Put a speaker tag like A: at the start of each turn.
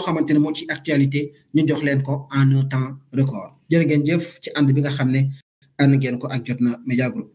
A: loo xamante ne ci actualité ñu jox leen ko en un temps record jërë ngeen jëf ci ànd bi nga xam ne ànd ngeen ko ak Jotna Media Group